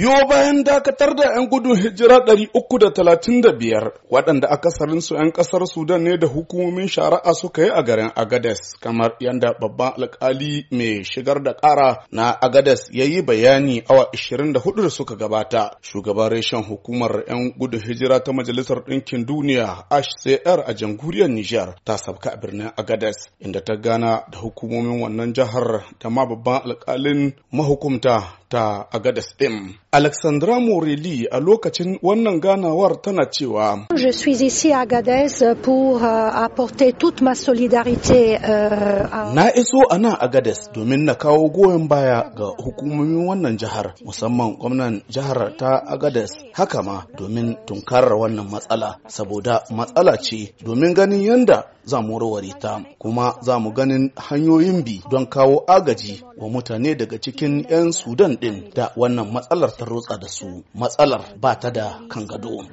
biyo bayan dakatar da 'yan gudun hijira 335 waɗanda akasarinsu 'yan ƙasar sudan ne da hukumomin shari'a suka yi a garin agades kamar yadda babban alkali mai shigar da ƙara na agades ya yi bayani awa 24 da suka gabata shugaban reshen hukumar 'yan gudun hijira ta majalisar ɗinkin duniya hcr a jamhuriyar niger ta sabka a birnin agades inda ta gana da hukumomin wannan jihar da ma babban alkalin mahukumta ta Agadas ɗin. Alexandra Morelli a lokacin wannan ganawar tana cewa. Je suis ici à Agadez pour euh, apporter toute ma solidarité. Euh, na iso a nan Agadez domin na kawo goyon baya ga hukumomin wannan jihar musamman gwamnan jihar ta Agadez haka ma domin tunkarar wannan matsala saboda matsala ce domin ganin yanda za mu warware ta kuma za mu ganin hanyoyin bi don kawo agaji wa mutane daga cikin 'yan Sudan ɗin da wannan matsalar ta rotsa da su. Matsalar ba ta da kan gado.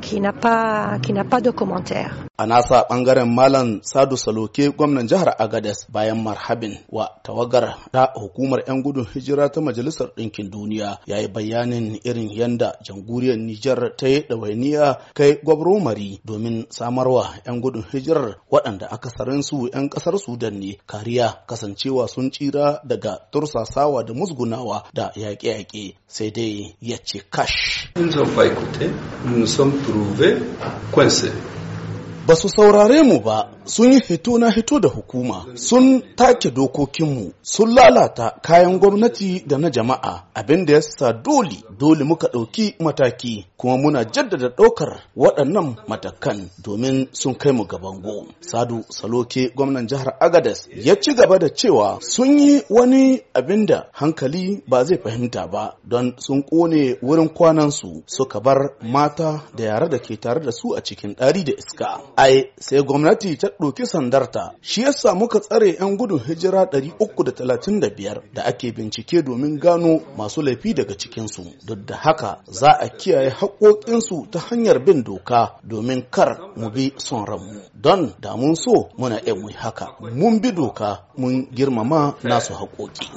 qui n'a pas qui n'a pas de commentaire a nasa bangaren malam sadu saloke gwamnan jihar agades bayan marhabin wa tawagar da hukumar 'yan gudun hijira ta majalisar ɗinkin duniya ya yi bayanin irin yanda jamhuriyar nijar ta yi ɗawainiya kai gwabromari domin samarwa 'yan gudun hijirar waɗanda akasarin su 'yan ƙasar sudan ne kariya kasancewa sun tsira daga tursasawa da musgunawa da yaƙe-yaƙe sai dai ya ce kash. In nous nous sommes trouvés coincés. ba su saurare mu ba sun yi fito na hito da hukuma sun take dokokinmu sun lalata kayan gwamnati da na jama'a abin da ya sa dole dole muka ɗauki mataki kuma muna jaddada ɗaukar waɗannan matakan domin sun kai mu gaban go sadu saloke gwamnan jihar agadas ya ci gaba da cewa sun yi wani abin da hankali ba zai fahimta ba don sun ƙone wurin kwanansu suka bar mata da yara da ke tare da su a cikin ɗari da iska ai sai gwamnati ta ɗauki sandarta shi yasa muka tsare 'yan gudun hijira 335 da ake bincike domin gano masu laifi daga cikinsu duk da haka za a kiyaye haƙoƙinsu ta hanyar bin doka domin kar mu bi son ranmu don da mun so muna 'yan mu haka mun bi doka mun girmama nasu haƙoƙi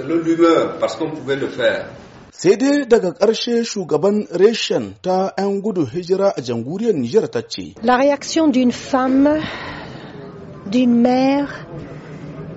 le lumeur, parce qu'on pouvait le faire. La réaction d'une femme, d'une mère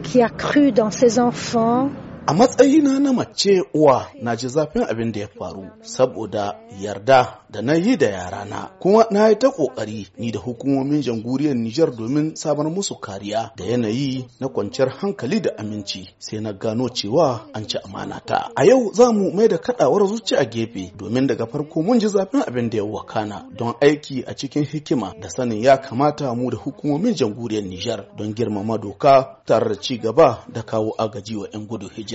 qui a cru dans ses enfants, A matsayina na mace uwa na ji zafin abin da ya faru saboda yarda da na yi da yarana kuma na yi ta kokari ni da hukumomin janguriyar Nijar domin samar musu kariya da yanayi na kwanciyar hankali da aminci sai na gano cewa an ci amana ta. A yau za mu mai da kadawar zuci a gefe domin daga farko mun ji zafin abin da ya wakana don aiki a cikin hikima da sanin ya kamata mu da hukumomin janguriyar Nijar don girmama doka tare da ci gaba da kawo agaji wa 'yan gudu hijira.